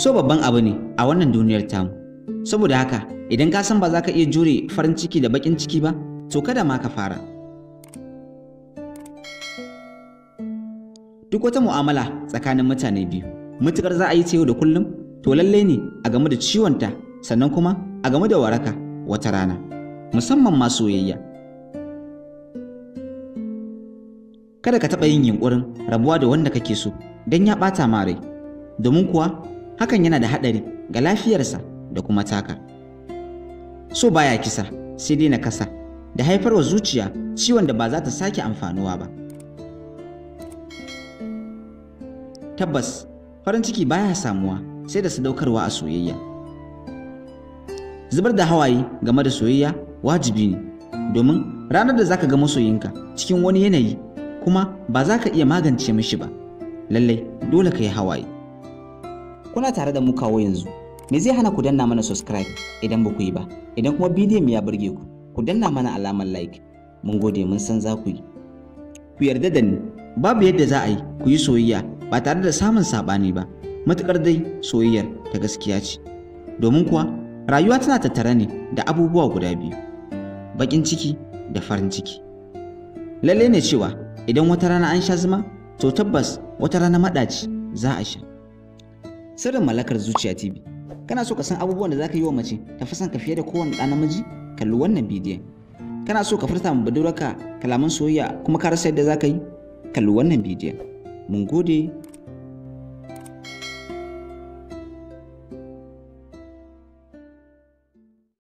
so babban abu ne a wannan duniyar tamu saboda haka idan ka san ba za ka iya jure farin ciki da bakin ciki ba to kada ma ka fara duk wata mu'amala tsakanin mutane biyu mutukar za a yi ta yau da kullum to lalle ne a game da ciwonta sannan kuma a game da waraka wata rana musamman ma soyayya kada ka taɓa yin yunƙurin rabuwa da wanda kake so don ya ɓata mare, rai domin kuwa hakan yana da haɗari ga lafiyarsa da kuma taka so baya kisa sai dai na kasa da haifarwa zuciya ciwon da ba za ta sake amfanuwa ba tabbas farin ciki baya samuwa sai da sadaukarwa a soyayya zubar da hawaye game da soyayya wajibi ne domin ranar da zaka ga masoyinka cikin wani yanayi kuma ba za ka iya magance mishi ba lallai dole ka yi hawaye kuna tare da mu kawo yanzu me zai hana ku danna mana subscribe idan ba ku yi ba idan kuma bidiyon ya burge ku ku danna mana alamar like mun gode mun san za ku yi ku yarda da ni babu yadda za a yi ku yi soyayya ba tare da samun saɓani ba matuƙar dai soyayyar ta gaskiya ce domin kuwa rayuwa tana tattare ne da abubuwa guda biyu baƙin ciki da farin ciki lalle ne cewa idan wata rana an sha zuma to tabbas wata rana maɗaci za a sha Sirrin mallakar zuciya TV. Kana so ka san abubuwan da za ka yi wa mace ta fi ka fiye da kowane ɗa namiji? Kalli wannan bidiyon. Kana so ka furta ma budurarka kalaman soyayya kuma ka rasa yadda za ka yi? Kalli wannan bidiyon. Mun gode